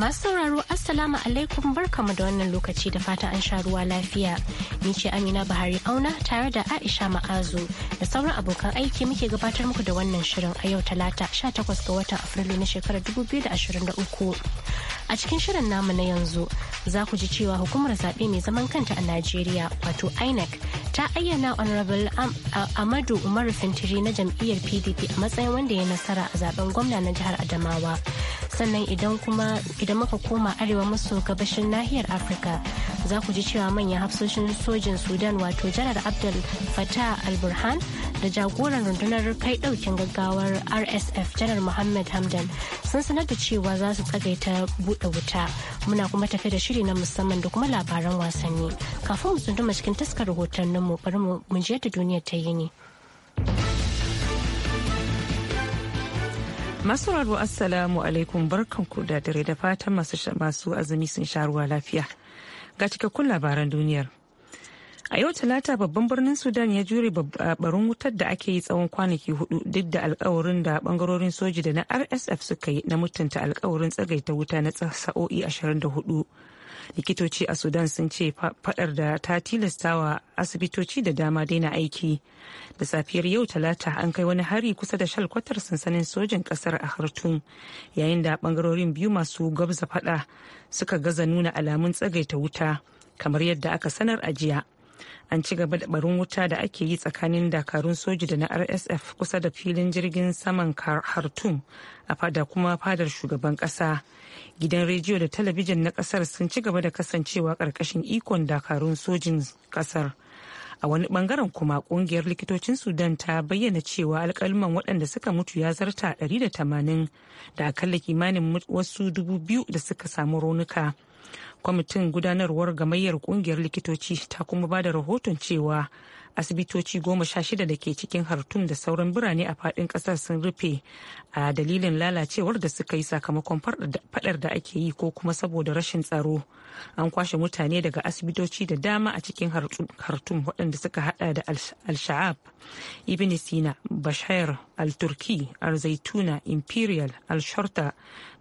Masu sauraro Assalamu alaikum barkamu da wannan lokaci da fata an sha ruwa lafiya. Ni ce Amina Buhari Auna tare da Aisha Ma'azu da sauran abokan aiki muke gabatar muku da wannan shirin a yau Talata 18 ga watan Afrilu na shekarar 2023. A cikin shirin namu na yanzu za ku ji cewa hukumar zaɓe mai zaman kanta a Najeriya wato INEC ta ayyana Honorable Amadu umaru Fintiri na jam'iyyar PDP a matsayin wanda ya nasara a zaben gwamna na jihar Adamawa. sannan idan kuma idan muka koma arewa maso gabashin nahiyar afirka za ku ji cewa manyan hafsoshin sojin sudan wato janar abdul fatah alburhan da jagoran rundunar kai daukin gaggawar rsf janar muhammad hamdan sun sanar da cewa za su tsagaita buɗe wuta muna kuma tafi da shiri na musamman da kuma labaran wasanni kafin mu tsunduma cikin taskar rahotanninmu bari mu je ta duniyar ta yi ne. Masu raro Assalamu alaikum barkanku da dare da fatan masu azumi sun sha ruwa lafiya. Ga cikakkun labaran duniyar. A yau talata babban birnin Sudan ya jure barin wutar da ake yi tsawon kwanaki hudu duk da alkawarin da bangarorin soji da na RSF suka yi na mutunta alkawarin tsagaita wuta na sa'o'i 24. likitoci a sudan sun ce fadar da ta tilasta wa asibitoci da dama daina aiki da safiyar yau talata an kai wani hari kusa da shalkwatar sansanin sojin kasar a hartun yayin da bangarorin biyu masu gwabza fada suka gaza nuna alamun tsagaita wuta kamar yadda aka sanar a jiya an ci gaba da barin wuta da ake yi tsakanin dakarun soji da na rsf kusa da filin jirgin saman khartoum a fada kuma fadar shugaban kasa gidan rediyo da talabijin na kasar sun ci gaba da kasancewa karkashin ikon dakarun sojin kasar a wani bangaren kuma kungiyar likitocin sudan ta bayyana cewa alkalman waɗanda suka mutu ya zarta 180 da akalla kimanin wasu 2000 da suka samu raunuka. kwamitin gudanarwar gamayyar kungiyar likitoci ta kuma ba da rahoton cewa asibitoci goma sha shida da ke cikin hartum da sauran birane a fadin kasar sun rufe a dalilin lalacewar da suka yi sakamakon fadar da ake yi ko kuma saboda rashin tsaro an kwashe mutane daga asibitoci da dama a cikin hartum waɗanda suka hada da al-sha'ab ibn sina bashir al-turki al-zaituna imperial al-sharta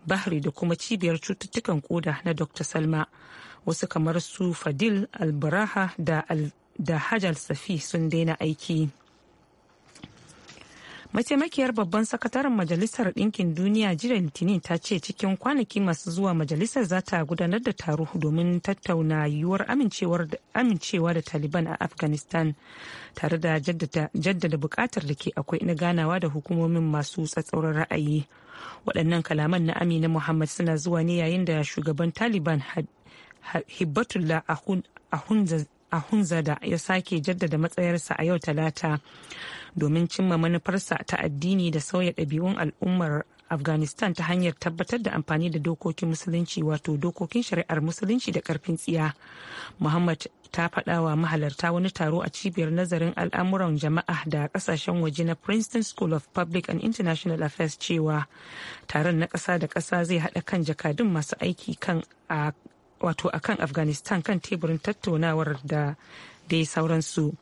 bahri da kuma cibiyar cututtukan koda na dr salma wasu kamar su fadil albaraha da, al, safi sun daina aiki mataimakiyar babban sakataren majalisar ɗinkin duniya jiya litinin ta ce cikin kwanaki masu zuwa majalisar za ta gudanar da taro domin tattauna yiwuwar amincewa da taliban a afghanistan tare da jaddada bukatar da ke akwai na ganawa da hukumomin masu tsatsauran ra'ayi waɗannan kalaman na amina muhammad suna zuwa ne yayin da shugaban taliban hibbatullah ahunzazai a ahunzada ya sake jaddada matsayarsa a yau talata domin cimma manufarsa ta addini da sauya ɗabi'un al'ummar afghanistan ta hanyar tabbatar da amfani da dokokin musulunci wato dokokin shari'ar musulunci da karfin tsiya muhammad ta faɗa wa mahalarta wani taro a cibiyar nazarin al'amuran jama'a da kasashen waje na princeton school of public and international affairs cewa taron na ƙasa da ƙasa zai haɗa kan jakadun masu aiki kan a wato a kan afghanistan kan teburin tattaunawar da dai sauransu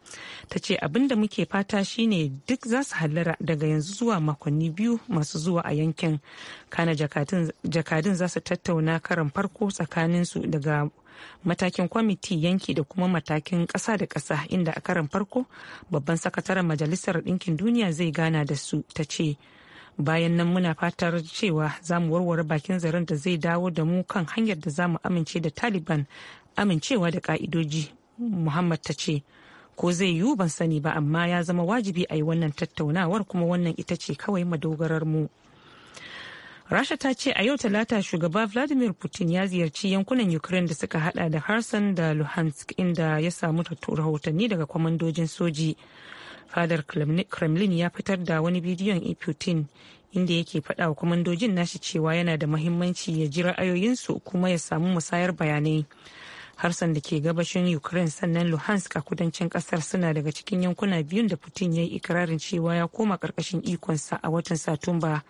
ta ce abinda muke fata shine duk za su hallara daga yanzu zuwa makonni biyu masu zuwa a yankin kana jakadun za su tattauna karan farko tsakaninsu daga matakin kwamiti yanki da kuma matakin ƙasa da ƙasa inda a karan farko babban sakataren majalisar ɗinkin duniya zai gana da su ta ce bayan nan muna fatar cewa za mu warware bakin zaren da zai dawo da mu kan hanyar da za mu amince da taliban amincewa da ka'idoji muhammad ta ce ko zai yiwu ban sani ba amma ya zama wajibi a yi wannan tattaunawar kuma wannan ita ce kawai madogarar mu rasha ta ce a yau talata shugaba vladimir putin ya ziyarci yankunan ukraine da suka hada da harsan da luhansk inda ya samu rahotanni daga kwamandojin soji fadar kremlin ya fitar da wani bidiyon e putin inda yake faɗa wa kwamandojin nashi cewa yana da mahimmanci ya ji ra'ayoyinsu kuma ya samu musayar bayanai harsan da ke gabashin ukraine sannan luhansk a kudancin kasar suna daga cikin yankuna biyun da putin ya yi ikirarin cewa ya koma karkashin ikonsa a watan satumba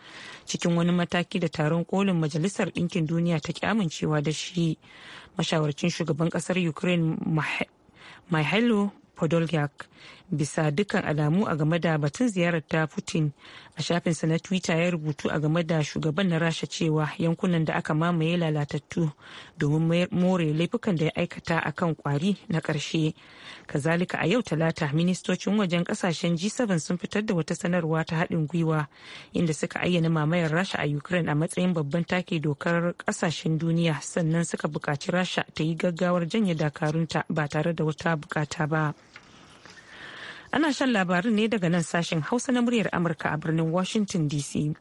cikin wani mataki da taron kolin majalisar ɗinkin duniya ta ki amincewa da shi mashawarcin shugaban kasar ukraine mihailo podolyak bisa dukkan alamu a game da batun ziyarar ta putin a shafinsa na twitter ya rubutu a game da shugaban na rasha cewa yankunan da aka mamaye lalatattu domin more laifukan da ya aikata a kan kwari na karshe kazalika a yau talata ministocin wajen kasashen g7 sun fitar da wata sanarwa ta haɗin gwiwa inda suka ayyana mamayar rasha a ukraine a matsayin babban take dokar kasashen duniya sannan suka bukaci rasha ta yi gaggawar janye dakarunta ba tare da wata bukata ba. Ana shan labarin ne daga nan sashen Hausa na muryar Amurka a birnin Washington DC.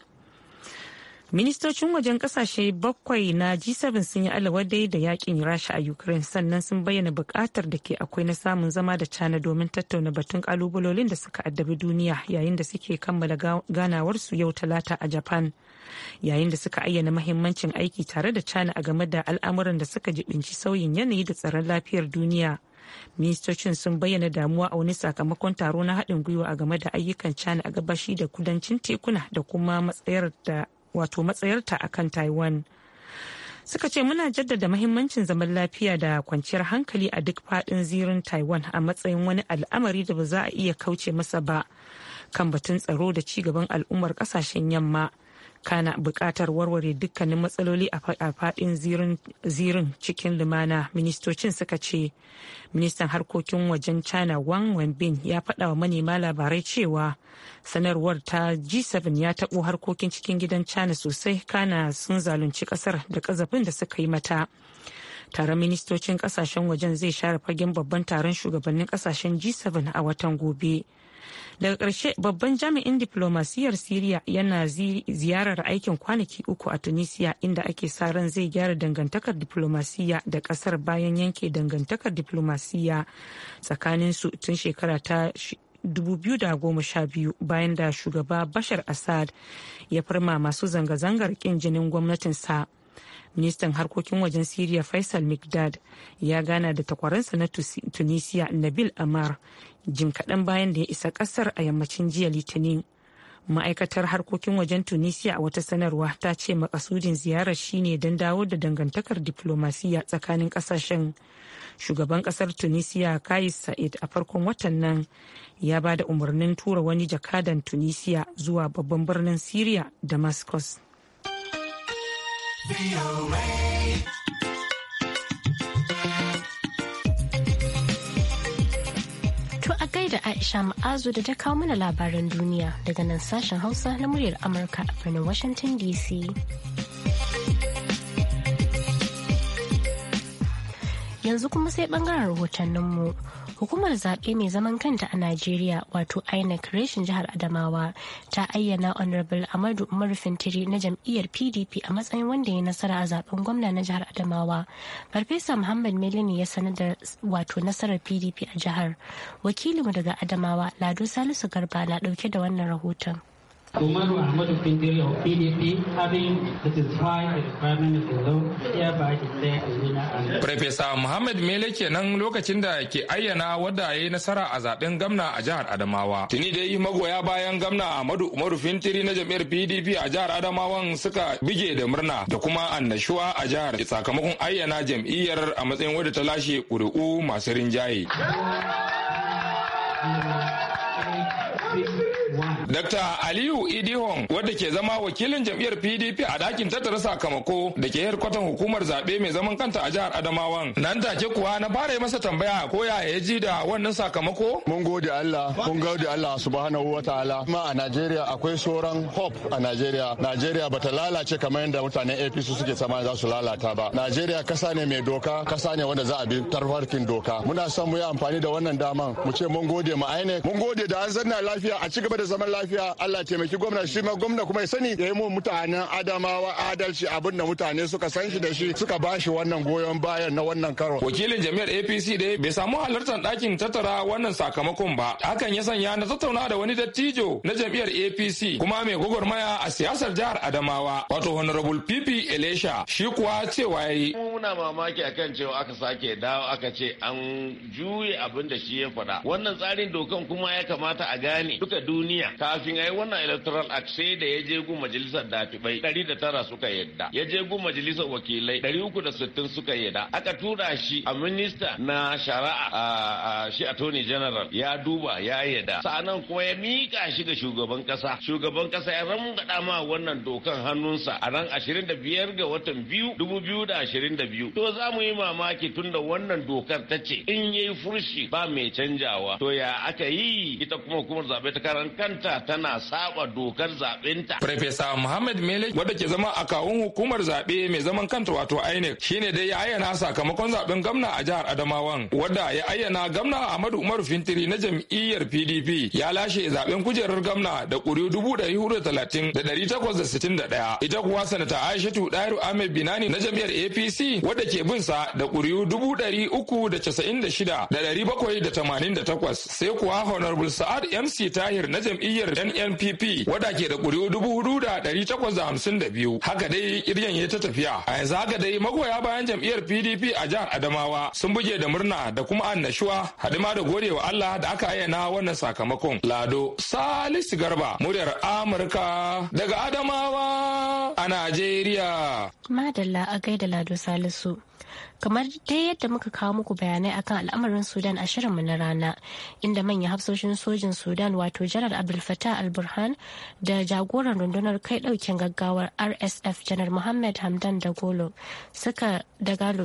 Ministocin wajen kasashe bakwai na G7 sun yi alawadai da yakin Rasha a Ukraine sannan sun bayyana bukatar da ke akwai na samun zama da China domin tattauna batun kalubalolin da suka addabi duniya yayin da suke kammala ganawarsu yau talata a Japan. Yayin da suka ayyana mahimmancin aiki tare da China a game da al'amuran da suka jibinci sauyin yanayi da tsaron lafiyar duniya. ministocin sun bayyana damuwa a wani sakamakon taro na haɗin gwiwa a game da ayyukan china a gabashi da kudancin tekuna da kuma matsayar wato matsayarta a kan taiwan suka ce muna jaddada mahimmancin zaman lafiya da kwanciyar hankali a duk faɗin zirin taiwan a matsayin wani al'amari da ba za a iya kauce masa ba kan batun tsaro da ci gaban al'ummar ƙasashen yamma kana buƙatar warware dukkanin matsaloli a faɗin zirin cikin lumana ministocin suka ce ministan harkokin wajen china wang wenbin ya faɗa wa manema labarai cewa sanarwar ta g7 ya taɓo harkokin cikin gidan china sosai kana sun zalunci ƙasar da ƙazafin da suka yi mata taron ministocin ƙasashen wajen zai share fagen babban taron shugabannin ƙasashen g7 a watan gobe. daga ƙarshe babban jami'in diflomasiyyar siriya yana ziyarar aikin kwanaki uku a tunisia inda ake sa ran zai gyara dangantakar diflomasiyya da ƙasar bayan yanke dangantakar diflomasiyya tsakaninsu tun shekara ta 2012 bayan da shugaba bashar assad ya farma masu zanga-zangar ƙin jinin gwamnatinsa. ministan harkokin wajen siriya faisal mikdad ya gana da takwaransa na tunisia nabil amar jim kaɗan bayan da ya isa ƙasar a yammacin jiya litinin ma'aikatar harkokin wajen tunisia a wata sanarwa ta ce makasudin ziyarar shine don dawo da dangantakar diflomasiyya tsakanin ƙasashen shugaban ƙasar tunisia kais sa'id a farkon watan nan ya ba da umarnin tura wani jakadan tunisia zuwa babban birnin syria damascus da Aisha Ma'azu da ta kawo mana labaran duniya daga nan sashen Hausa na muryar Amurka a birnin Washington DC. Yanzu kuma sai bangaren rahotanninmu. mu. Hukumar zaɓe mai zaman kanta a Najeriya wato INEC reshin jihar Adamawa ta ayyana Honorable Amadu Umar Fintiri na jam'iyyar PDP a matsayin wanda ya nasara a zaben gwamna na jihar Adamawa. Farfesa Muhammad Melini ya sanar da wato nasarar PDP a jihar. Wakilinmu daga Adamawa Lado Salisu Garba na ɗauke da wannan rahoton. Umaru Ahmadu Fintiri of PDP, having satisfied the requirement of the law, hereby declare the winner and... Farfesa Muhammad Mele kenan lokacin da ke ayyana wadda ya yi nasara a zaben gamna a jihar Adamawa. Tuni dai magoya bayan gamna Ahmadu Umaru Fintiri na jam'iyyar PDP a jihar adamawa suka bige da murna da kuma annashuwa a jihar sakamakon ayyana jam'iyyar a matsayin wadda ta lashe ƙuri'u masu rinjaye. Dr. Aliyu Idihon wadda ke zama wakilin jam'iyyar PDP a dakin tattara sakamako da ke yarkwatan hukumar zaɓe mai zaman kanta a jihar Adamawan. Nan take kuwa na fara yi masa tambaya ko ya ya ji da wannan sakamako? Mun gode Allah, mun gode Allah subhanahu wa ta'ala. Ma a Najeriya akwai sauran hope a Najeriya. Najeriya bata lalace kamar yadda mutanen APC suke tsammani za su lalata ba. Najeriya kasa ne mai doka, kasa ne wanda za a bi tarfarkin doka. Muna son mu yi amfani da wannan daman mu ce mun gode mu INEC, mun gode da an zanna lafiya a ci gaba da zaman lafiya. lafiya Allah taimaki gwamna shi ma gwamna kuma ya sani ya yi mu mutanen Adamawa adalci abin da mutane suka san shi da shi suka ba shi wannan goyon bayan na wannan karo. Wakilin jami'ar APC dai bai samu halartar dakin tattara wannan sakamakon ba. Hakan ya sanya na tattauna da wani dattijo na jam'iyyar APC kuma mai gwagwarmaya a siyasar jihar Adamawa wato Honorable PP Elisha shi kuwa cewa yayi. Muna mamaki akan cewa aka sake dawo aka ce an juye abin da shi ya faɗa. Wannan tsarin dokan kuma ya kamata a gane duka duniya kafin ai wannan electoral act sai da ya je gun majalisar dafibai tara suka yadda ya je gun majalisar wakilai sittin suka yadda aka tura shi a minista na shari'a shi attorney general ya duba ya yadda sa'anan kuma ya mika shi ga shugaban kasa shugaban kasa ya ramgada ma wannan dokan hannunsa a ran biyar ga watan biyu biyu. to za mu yi mamaki tunda wannan dokar ta ce in yayi furshi ba mai canjawa to ya aka yi ita kuma hukumar zabe ta karan kanta tana saba dokar zaɓenta. Farfesa Muhammad Mele wadda ke zama a kawun hukumar zaɓe mai zaman kanta wato INEC shine dai ya ayyana sakamakon zaɓen gwamna a jihar Adamawan wadda ya ayyana gwamna Ahmadu Umaru Fintiri na jam'iyyar PDP ya lashe zaɓen kujerar gwamna da ƙuri'u dubu ɗari hudu talatin da ɗari takwas da sittin da ɗaya. Ita kuwa sanata Aishatu Ɗairu Ahmed Binani na jam'iyyar APC wadda ke bin sa da ƙuri'u dubu ɗari uku da casa'in da shida da ɗari bakwai da tamanin da takwas sai kuwa Honorable Sa'ad MC Tahir na jam'iyyar jam'iyyar NNPP wadda ke da ƙuri'u dubu hudu da ɗari takwas da hamsin da biyu. Haka dai kiryan ya ta tafiya. A yanzu haka dai magoya bayan jam'iyyar PDP a jihar Adamawa sun buge da murna da kuma annashuwa ma da godewa Allah da aka ayyana wannan sakamakon. Lado Salisu Garba muryar Amurka daga Adamawa a Najeriya. Madalla a gaida Lado Salisu. Kamar dai yadda muka kawo muku bayanai akan al'amarin Sudan a shirinmu na rana, inda manyan hafsoshin sojin Sudan wato Janar Abdul Fattah al-Burhan da jagoran rundunar kai ɗaukin gaggawar RSF Janar Muhammad Hamdan da Golo suka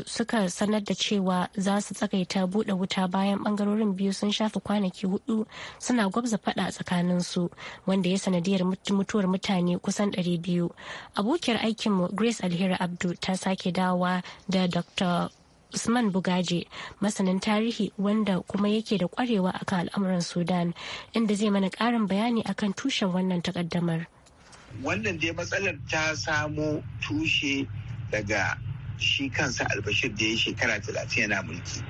suka sanar da cewa za su tsakaita buɗe wuta bayan ɓangarorin biyu sun shafi kwanaki hudu suna gwabza faɗa tsakanin su wanda ya sanadiyar mutuwar mutane kusan 200. Abokiyar aikinmu Grace Alheri Zahra Abdu ta sake dawowa da Dr. Usman Bugaje masanin tarihi wanda kuma yake da kwarewa akan al'amuran Sudan inda zai mana ƙarin bayani akan tushen wannan takaddamar. Wannan dai matsalar ta samo tushe daga shi kansa albashir da ya shekara talatin yana mulki.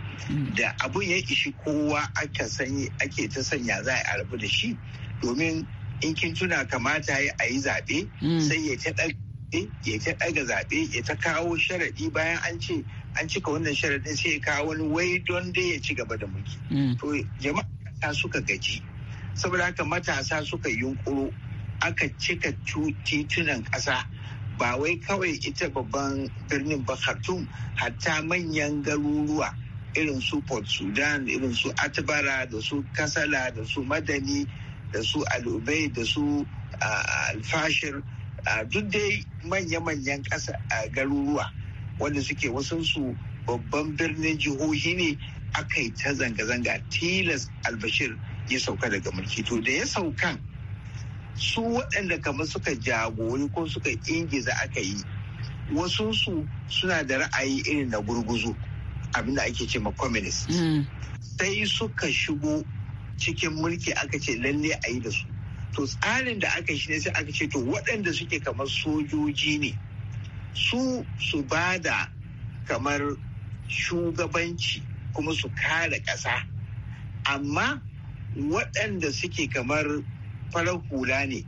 Da abun ya ishi kowa ake ta sanya za a rabu da shi domin in kin tuna kamata ya yi zaɓe mm. sai ya ta zaɓe ya ta ɗaga zaɓe ya ta kawo sharaɗi bayan an ce an cika wannan sharaɗin sai ya kawo wani wai don dai ya ci gaba da mulki. Mm. To jama'a suka gaji saboda haka matasa suka yunkuro aka cika titunan ƙasa ba wai kawai ita babban birnin ba Khartoum hatta manyan garuruwa irin su Port Sudan irin su Atbara da su Kasala da su Madani da su Alubai da su ah, Alfashir duk da manya-manyan ƙasa a garuruwa wanda suke wasansu babban birnin jihohi ne aka yi ta zanga-zanga tilas albashir ya sauka daga mulki to da ya saukan su waɗanda kamar suka jagori ko suka ingiza aka yi wasu su suna da ra'ayi irin na gurguzu abinda ake ce ma mm. sai suka shigo cikin mulki aka ce lalle a yi da su to tsarin da aka shi ne sai aka ce to waɗanda suke kamar sojoji ne su su ba da kamar shugabanci kuma su kare ƙasa amma waɗanda suke kamar farar hula ne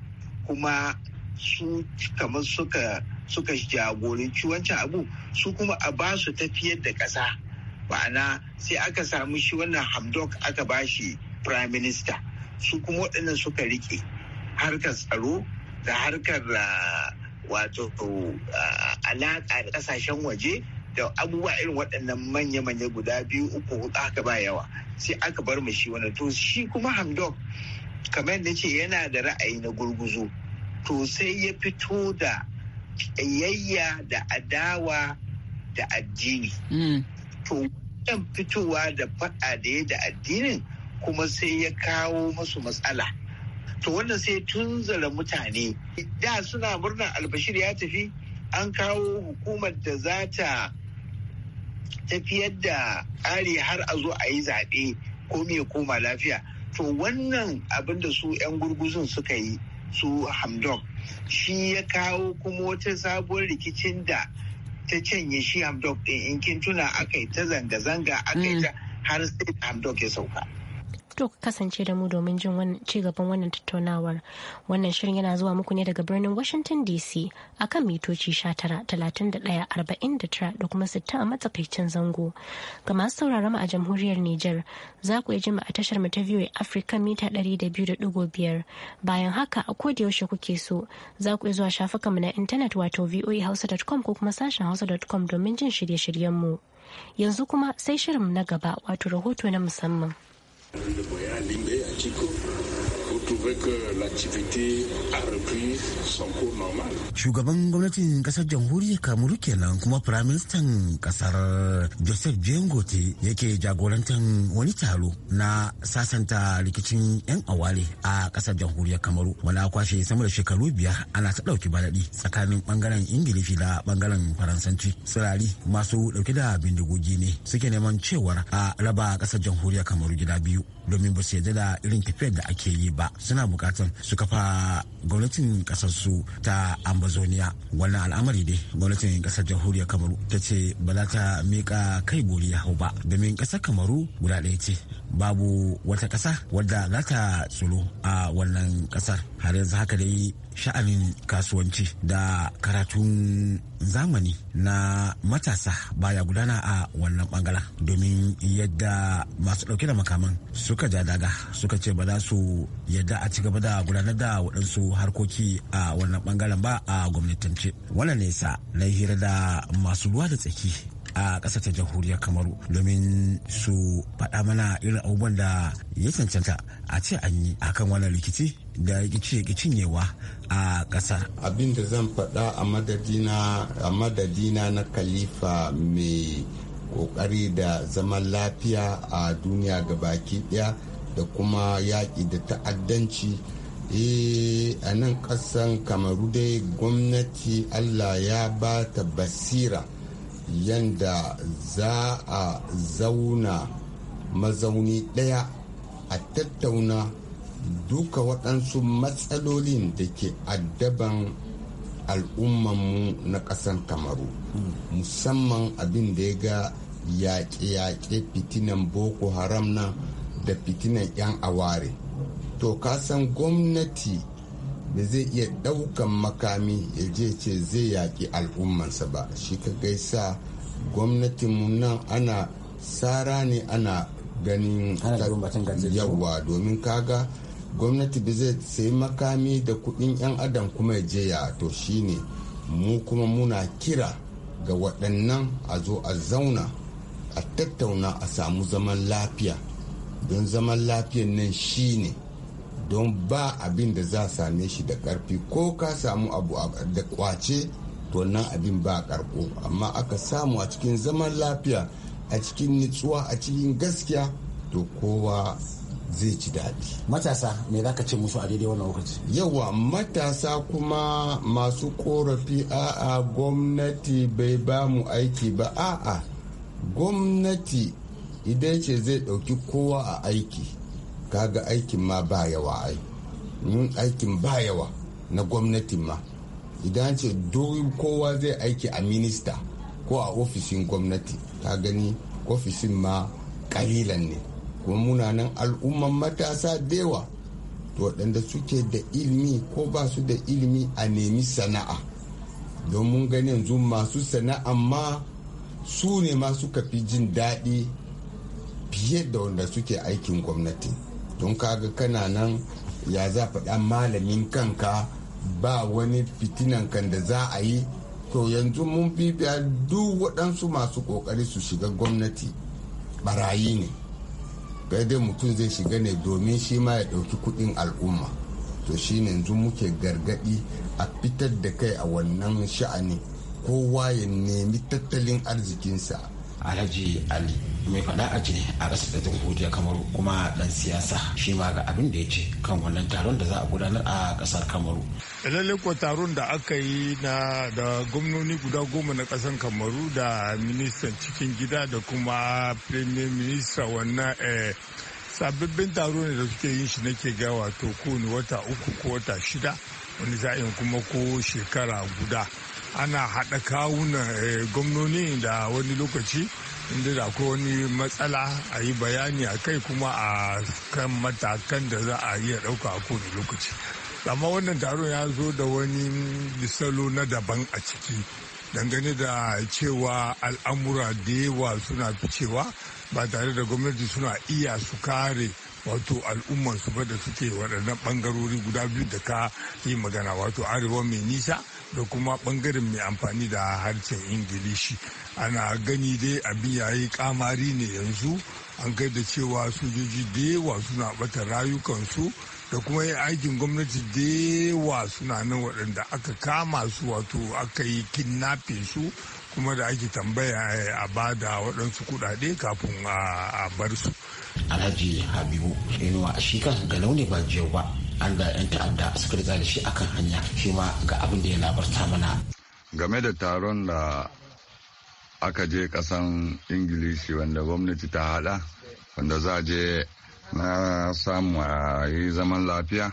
kuma su kamar suka suka jagoranci wancan abu su kuma a ba su tafiyar da ƙasa ma'ana sai aka samu shi wannan hamdok aka ba shi prime minister su kuma waɗannan suka riƙe. harkar tsaro da harkar ah, wato ah, alaƙa da ƙasashen waje da abubuwa irin waɗannan manya-manya guda biyu uku hudu aka ba yawa sai aka bar mu shi wani to shi kuma hamdok kamar yadda ce yana da ra'ayi na gurguzu to sai ya fito da ƙiyayya da adawa da addini mm. to wannan fitowa da faɗa da ya da addinin kuma sai ya kawo masu matsala to wannan sai tunzala mutane da suna murnar albashir ya tafi an kawo hukumar da za ta tafiyar da tsari har a zo a yi zaɓe ko me koma lafiya to wannan abin da su 'yan gurguzun suka yi su hamdok shi ya kawo kuma wata sabuwar rikicin da ta canye shi hamdok ɗin in kin tuna aka yi ta zanga-zanga aka yi ta mm. har sai hamdok ya sauka. to kasance da mu domin jin ci gaban wannan tattaunawar wannan shirin yana zuwa muku ne daga birnin washington dc akan mitoci 19,31,49 da kuma 60 a matsakaicin zango ga masu sauraron mu a jamhuriyar niger za ku ji mu a tashar mu ta voa africa mita 200.5 bayan haka a da yaushe kuke so za ku zuwa mu na intanet wato voahausa.com ko kuma sashen hausa.com domin jin shirye-shiryen mu yanzu kuma sai shirin na gaba wato rahoto na musamman Le voy a limbe al chico, trouver que l'activité a repris son cours normal. Shugaban gwamnatin kasar jamhuriyar Kamaru kenan kuma firaministan kasar Joseph Jengote yake jagorantar wani taro na sasanta rikicin 'yan awale a kasar jamhuriyar Kamaru. Wani kwashe sama da shekaru biyar ana ta ɗauki balaɗi tsakanin ɓangaren Ingilishi da ɓangaren Faransanci. Sirari masu ɗauke da bindigogi ne suke neman cewar a raba kasar jamhuriyar Kamaru gida biyu domin ba su yarda da irin tafiyar da ake yi ba suna bukatan su kafa gwamnatin kasar ta ambazonia wannan al'amari ne gwamnatin kasar jamhuriyar kamaru ta ce ba za ta mika kai bori ya hau ba domin kasar kamaru guda ɗaya ce babu wata kasa wadda za ta tsoro a wannan ƙasar har yanzu haka dai sha'anin kasuwanci da karatun zamani na matasa baya gudana a wannan bangala domin yadda masu dauke da makaman suka ja daga suka ce ba za su yi. yadda a ci gaba da gudanar da waɗansu harkoki a wannan bangaren ba a gwamnatance wannan nesa na hira da masu ruwa da tsaki a ƙasar ta jamhuriyar kamaru domin su faɗa mana irin abubuwan da ya cancanta a ce an yi a kan wannan rikici da rikici ya cinyewa a ƙasar. abin da zan faɗa a madadina na kalifa mai ƙoƙari da zaman lafiya a duniya ga gabaki ɗaya da kuma yaƙi da ta'addanci eh, a nan ƙasan kamaru dai gwamnati allah ya ba ta basira yanda za a zauna mazauni ɗaya a tattauna duka waɗansu matsalolin da ke addaban al'ummanmu na ƙasan kamaru musamman abin da ya ga yaƙe-yaƙe fitinan boko haram nan da fitinan 'yan aware to kasan gwamnati da zai iya ɗaukan makami ya je ce zai yaƙi al'ummansa ba shi ka gaisa gwamnatinmu nan ana tsara ne ana ganin yawa domin kaga gwamnati ba zai sai makami da kuɗin 'yan adam kuma ya je ya to shine mu kuma muna kira ga waɗannan a zo a zauna a tattauna a samu zaman lafiya don zaman lafiyan nan shi ne don ba abin da za a same shi da karfi ko ka samu abu da kwace to nan abin ba karko amma aka samu a cikin zaman lafiya a cikin nutsuwa a cikin gaskiya to kowa zai ci daɗi. Matasa me za ka ce musu a daidai wannan lokaci? Yawa matasa kuma masu korafi a'a gwamnati bai ba mu aiki ba a'a gwamnati idan ce zai ɗauki kowa a aiki kaga aikin ma ba yawa ai aikin ba yawa na gwamnati ma idan ce kowa zai aiki a minista ko a ofishin gwamnati ta gani ofishin ma kalilan ne kuma muna nan al'umman matasa dewa to waɗanda suke da ilimi ko ba su da ilimi a nemi sana'a don mun gani yanzu masu sana'a ma su ne ma suka fi jin daɗi fiye da wanda suke aikin gwamnati don kaga kana nan ya za faɗa malamin kanka ba wani fitinan kan da za a yi to yanzu mun bibiya duk waɗansu masu ƙoƙari su shiga gwamnati barayi ne dai mutum zai shiga ne domin shi ma ya ɗauki kuɗin al'umma to shi ne yanzu muke gargaɗi a fitar da kai a wannan sha'ani kowa ya nemi tattalin arzikinsa alhaji ali mai faɗa a jini a rasa da jamhuriyar kamaru kuma ɗan siyasa shi ma ga abin da ya ce kan wannan taron da za a gudanar a ƙasar kamaru lalle ko taron da aka yi na da gwamnoni guda goma na ƙasar kamaru da ministan cikin gida da kuma premier minister wannan eh, sababbin taro ne da suke yin shi nake ga wato kowane wata uku ko wata shida wani sa'in kuma ko shekara guda ana haɗa kawuna eh, gwamnoni da wani lokaci inda da ko wani matsala a yi bayani a kai kuma a kan matakan da za a iya ɗauka a kowane lokaci amma wannan taron ya zo da wani misalo na daban a ciki dangane da cewa al'amura da yawa suna ficewa ba tare da gwamnati suna iya su kare wato su ba da suke waɗannan ɓangarori guda biyu da ka yi magana wato arewa mai nisa da kuma bangaren mai amfani da harshen ingilishi ana gani dai abin yayi kamari ne yanzu an kai da cewa sojoji da yawa suna bata rayukansu da kuma yin aikin gwamnati da yawa suna nan waɗanda aka kama su wato aka yi kidnapping su kuma da ake tambaya eh, a bada waɗansu kuɗaɗe kafin a bar su. Alhaji Habibu Inuwa shi kan ba jiyau ba an da 'yan ta'adda suka riga da shi akan hanya shi ma ga abin da ya labarta mana game da taron da aka je kasan ingilishi wanda gwamnati ta hada wanda za je na samu a yi zaman lafiya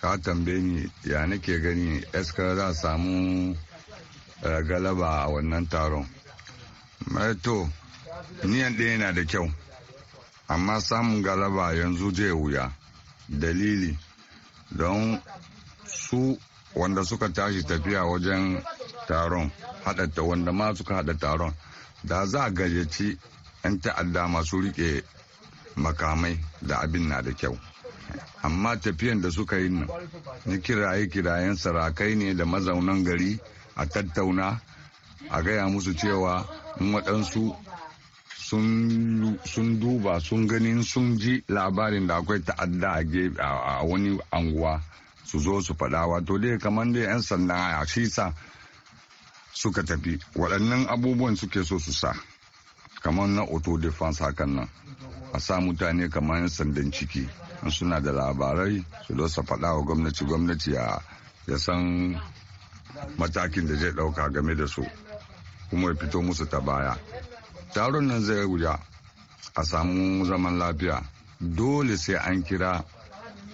ka tambaye ni ya nake gani eskar za samu eh, galaba a wannan taron eh, to niyan ɗaya yana da kyau amma samun galaba yanzu zai wuya dalili don su wanda suka tashi tafiya wajen taron haɗatta wanda ma suka haɗa taron da za a gajeci 'yan ta'adda masu rike makamai da abin na da kyau amma tafiyan da suka yi nan na kiraye kirayen sarakai ne da mazaunan gari a tattauna a gaya musu cewa in waɗansu sun duba sun ganin sun ji labarin da akwai ta'adda a wani anguwa su zo su faɗa wato dai kamar dai 'yan sanda a shisa suka tafi waɗannan abubuwan suke so su sa kamar na auto defense hakan nan a sa mutane kamar 'yan sandan ciki in suna da labarai su zo su wa gwamnati gwamnati ya san matakin da zai ɗauka game da su kuma ya fito musu ta baya taron nan zai wuya a samu zaman lafiya dole sai an kira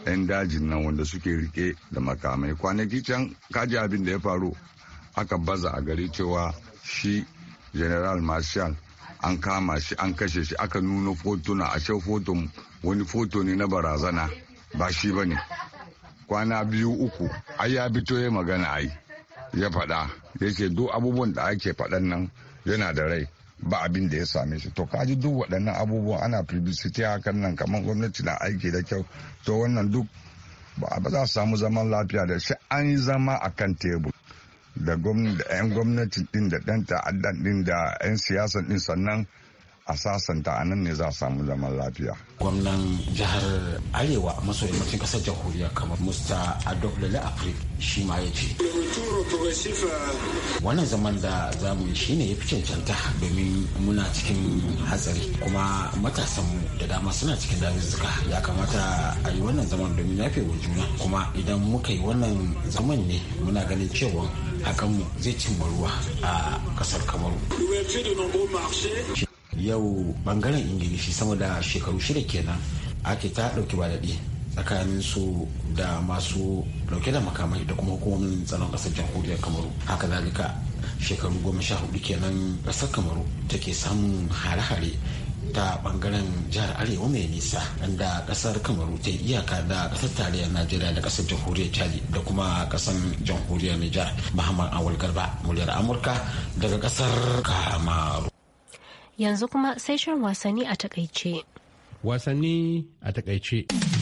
'yan dajin nan wanda suke rike da makamai kwanaki can kaji abin da ya faru aka baza a gari cewa shi general marshal an kama shi an kashe shi aka nuna fotuna a shan foton wani foto ne na barazana ba shi ba ne kwana biyu uku ai ya fito ya magana ai ya faɗa ya ce duk abubuwan da ake faɗan nan yana da rai ba abin da ya same shi to kaji duk waɗannan abubuwan ana publicity hakan nan kamar gwamnati na aiki da kyau to wannan duk ba za samu zaman lafiya da shi an yi zama a kan tebur da 'yan gwamnati din da ɗan ta'addan din da 'yan siyasan din sannan a sasanta a nan ne za a samu zaman lafiya. Gwamnan jihar Arewa maso yammacin kasar jamhuriya kamar Musta Adoblele Afrik shi ma ya ce. Wannan zaman da za mu yi shi ne ya fi cancanta domin muna cikin hatsari kuma matasan mu da dama suna cikin dazuzzuka ya kamata a yi wannan zaman domin yafe wa juna kuma idan muka yi wannan zaman ne muna ganin cewa hakanmu zai cimma ruwa a kasar kamaru. yau bangaren ingilishi sama da shekaru shida kenan ake ta ɗauki ba daɗi tsakanin su da masu dauke da makamai da kuma hukumomin tsaron ƙasar jamhuriyar kamaru haka zalika shekaru goma sha hudu kenan ƙasar kamaru take samun hare-hare ta bangaren jihar arewa mai nisa inda kasar kamaru ta iyaka da kasar tarayyar najeriya da kasar jamhuriyar chadi da kuma kasar jamhuriyar nijar muhammad awal garba muryar amurka daga kasar kamaru yanzu kuma sai shirin wasanni a takaice. Wasanni a takaice.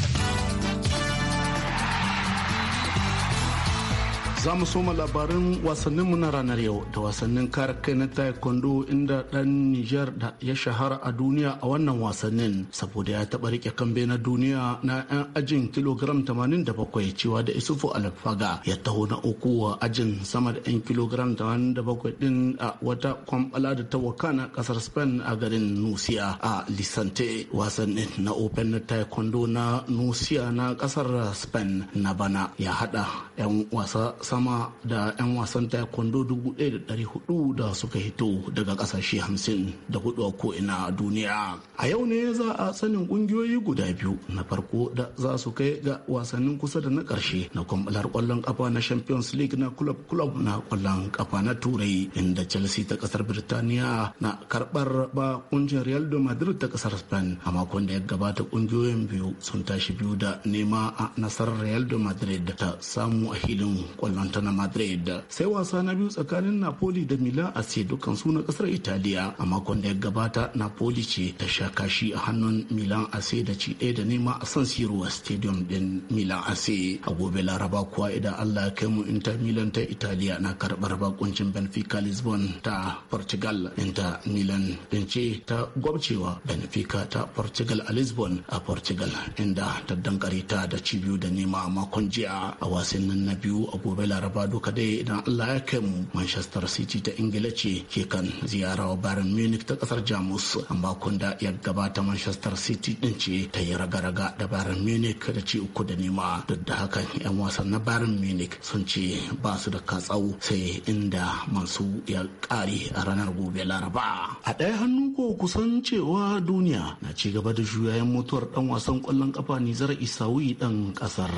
Za mu soma labarin wasanninmu na ranar yau da wasannin kare kai na taekwondo inda ɗan Nijar da ya shahara a duniya a wannan wasannin saboda ya taɓa rike kambe na duniya na 'yan ajin kilogram 87 cewa da Isufu Alfaga ya taho na uku a ajin sama da 'yan kilogram 87 din a wata kwambala da ta waka na kasar Spain a garin nusia a Lisante wasannin na Open na taekwondo na nusia na kasar Spain na bana ya hada 'yan wasa sama da 'yan wasan taekwondo 1,400 da suka hito daga kasashe hamsin da hudu a ko'ina a duniya a yau ne za a sanin kungiyoyi guda biyu na farko da za su kai ga wasannin kusa da na karshe na kwambalar kwallon kafa na champions league na club club na kwallon kafa na turai inda chelsea ta kasar birtaniya na karbar ba kungiyar real madrid ta kasar spain a makon da ya gabata kungiyoyin biyu sun tashi biyu da nema a nasarar real madrid ta samu a hilin kwallon kenan ta na madrid sai wasa na biyu tsakanin napoli da milan a ce dukkan su na kasar italiya a makon da ya gabata napoli ce ta sha kashi a hannun milan a sai da ci ɗaya da nema a san siro stadium din milan a a gobe laraba kuwa idan allah ya kai mu inter milan ta italiya na karɓar bakuncin benfica lisbon ta portugal inter milan din ce ta gwabcewa benfica ta portugal a lisbon a portugal inda ta dankare ta da ci biyu da nema a makon jiya a wasannin na biyu a gobe laraba duka dai idan allah ya kai mu manchester city ta ingila ce ke kan ziyara bayern munich ta kasar jamus amma kun da ya gabata manchester city din ce ta yi raga-raga da bayern munich da ci uku da nema duk da haka yan wasan na bayern munich sun ce ba su da katsau sai inda masu ya kare a ranar gobe laraba a ɗaya hannu ko kusan cewa duniya na ci gaba da juyayen mutuwar dan wasan kwallon kafa nizar isawi dan kasar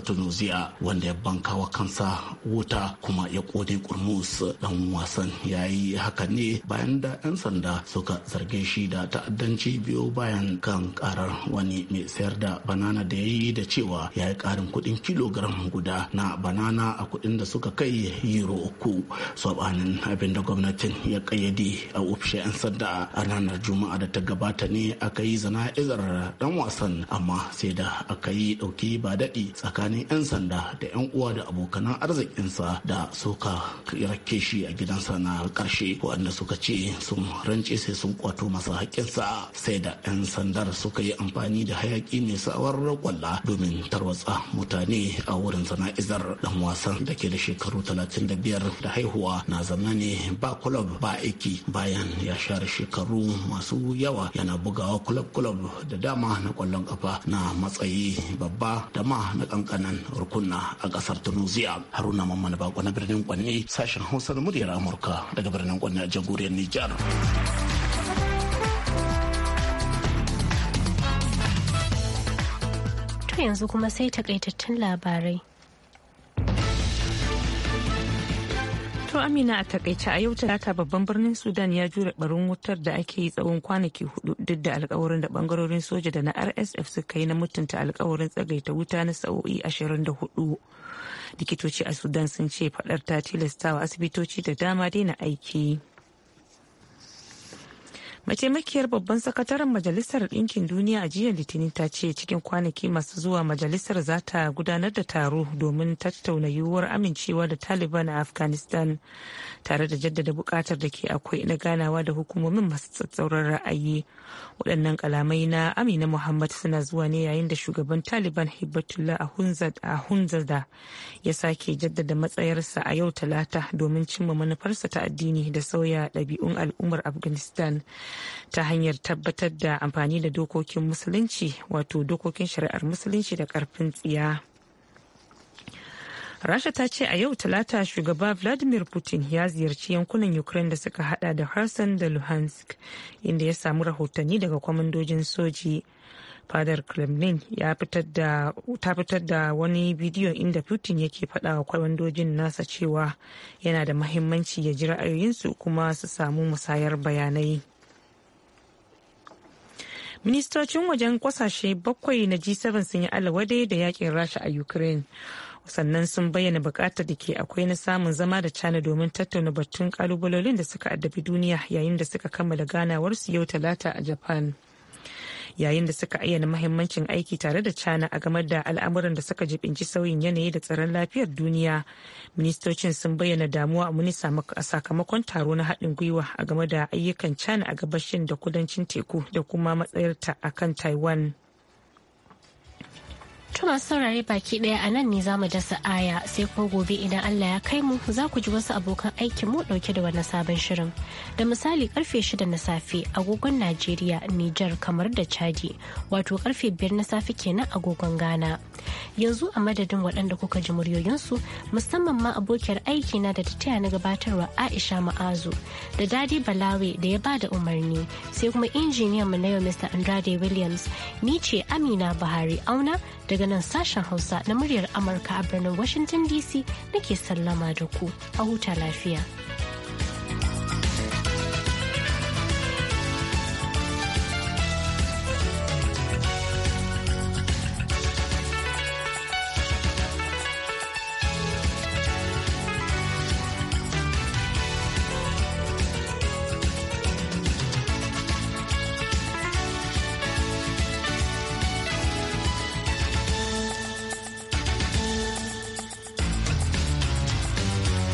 tunisia wanda ya bankawa kansa wuta kuma ya kone kurmus dan wasan ya yi haka ne bayan da 'yan sanda suka zarge shi da ta'addanci biyo bayan kan karar wani mai sayar da banana da ya yi da cewa ya yi karin kudin kilogram guda na banana a kudin da suka kai euro uku sabanin abin da gwamnatin ya kayyade a ofishin 'yan sanda a ranar juma'a da ta gabata ne aka yi zana-zana zana'izar dan wasan amma sai da aka yi dauki ba daɗi tsakanin 'yan sanda da 'yan uwa da abokanan arzikinsa da suka rake shi a gidansa na karshe waɗanda suka ce sun rance sai sun kwato masa haƙƙinsa sai da 'yan sandar suka yi amfani da hayaƙi mai sawar kwalla domin tarwatsa mutane a wurin sana'izar dan wasan da ke da shekaru 35 da haihuwa na zama ne ba kulob ba aiki bayan ya share shekaru masu yawa yana bugawa kulob kulob da dama na kwallon kafa na matsayi babba da ma na kankanan rukunna a kasar tunisia haruna mamman bako na birnin kwanne sashen hausa da muryar amurka daga birnin kwanne a jagoriyar nijar to yanzu kuma sai takaitattun labarai To Amina a takaice a yau talata babban birnin Sudan ya jure barin wutar da ake yi tsawon kwanaki hudu duk da alkawarin da bangarorin soja da na RSF suka yi na mutunta alkawarin tsagaita wuta na sa'o'i 24. likitoci a sudan sun ce fadar ta tilastawa asibitoci da dama daina aiki mataimakiyar babban sakataren majalisar ɗinkin duniya a jiya litinin ta ce cikin kwanaki masu zuwa majalisar za ta gudanar da taro domin tattauna yiwuwar amincewa da taliban a afghanistan tare da jaddada buƙatar da ke akwai na ganawa da hukumomin masu tsatsauran ra'ayi waɗannan kalamai na amina muhammad suna zuwa ne yayin da shugaban taliban a hunzada ya sake jaddada matsayarsa a yau talata domin cimma manufarsa ta addini da sauya ɗabi'un al'ummar afghanistan ta hanyar tabbatar da amfani da dokokin musulunci wato dokokin shari'ar musulunci da karfin tsiya. rasha ta ce a yau talata shugaba vladimir putin ya ziyarci yankunan ukraine da suka hada da kherson da luhansk inda ya samu rahotanni daga kwamandojin soji fadar kremlin fitar da ta fitar da wani bidiyo inda putin yake faɗawa wa kwamandojin nasa cewa yana da mahimmanci ya ji ra'ayoyinsu kuma su samu musayar bayanai ministocin wajen kwasashe bakwai na g7 sun yi alwade da yakin rasha a ukraine sannan sun bayyana bukatar da ke akwai na samun zama da china domin tattauna batun kalubalolin da suka addabi duniya yayin da suka kammala ganawarsu yau talata a japan yayin da suka ayyana mahimmancin aiki tare da China a game da al'amuran da suka jibinci sauyin yanayi da tsaron lafiyar duniya. Ministocin sun bayyana damuwa a sakamakon taro na haɗin gwiwa a game da ayyukan China a gabashin da kudancin teku da kuma matsayarta akan Taiwan. masu saurare baki ɗaya a nan ne za mu dasa aya sai ko gobe idan Allah ya kai mu za ku ji wasu abokan aikin mu ɗauke da wani sabon shirin. Da misali karfe shida na safe agogon Najeriya, Nijar kamar da Chadi wato karfe biyar na safe kenan agogon Ghana. yanzu a madadin waɗanda kuka ji muryoyinsu musamman ma abokiyar aiki na da ta taya na gabatarwa aisha ma'azu da dadi balawe da ya bada umarni sai kuma injiniyan mu na yau mr andrade williams ni ce amina buhari auna daga nan sashen hausa na muryar amurka a birnin washington dc nake sallama da ku a huta lafiya.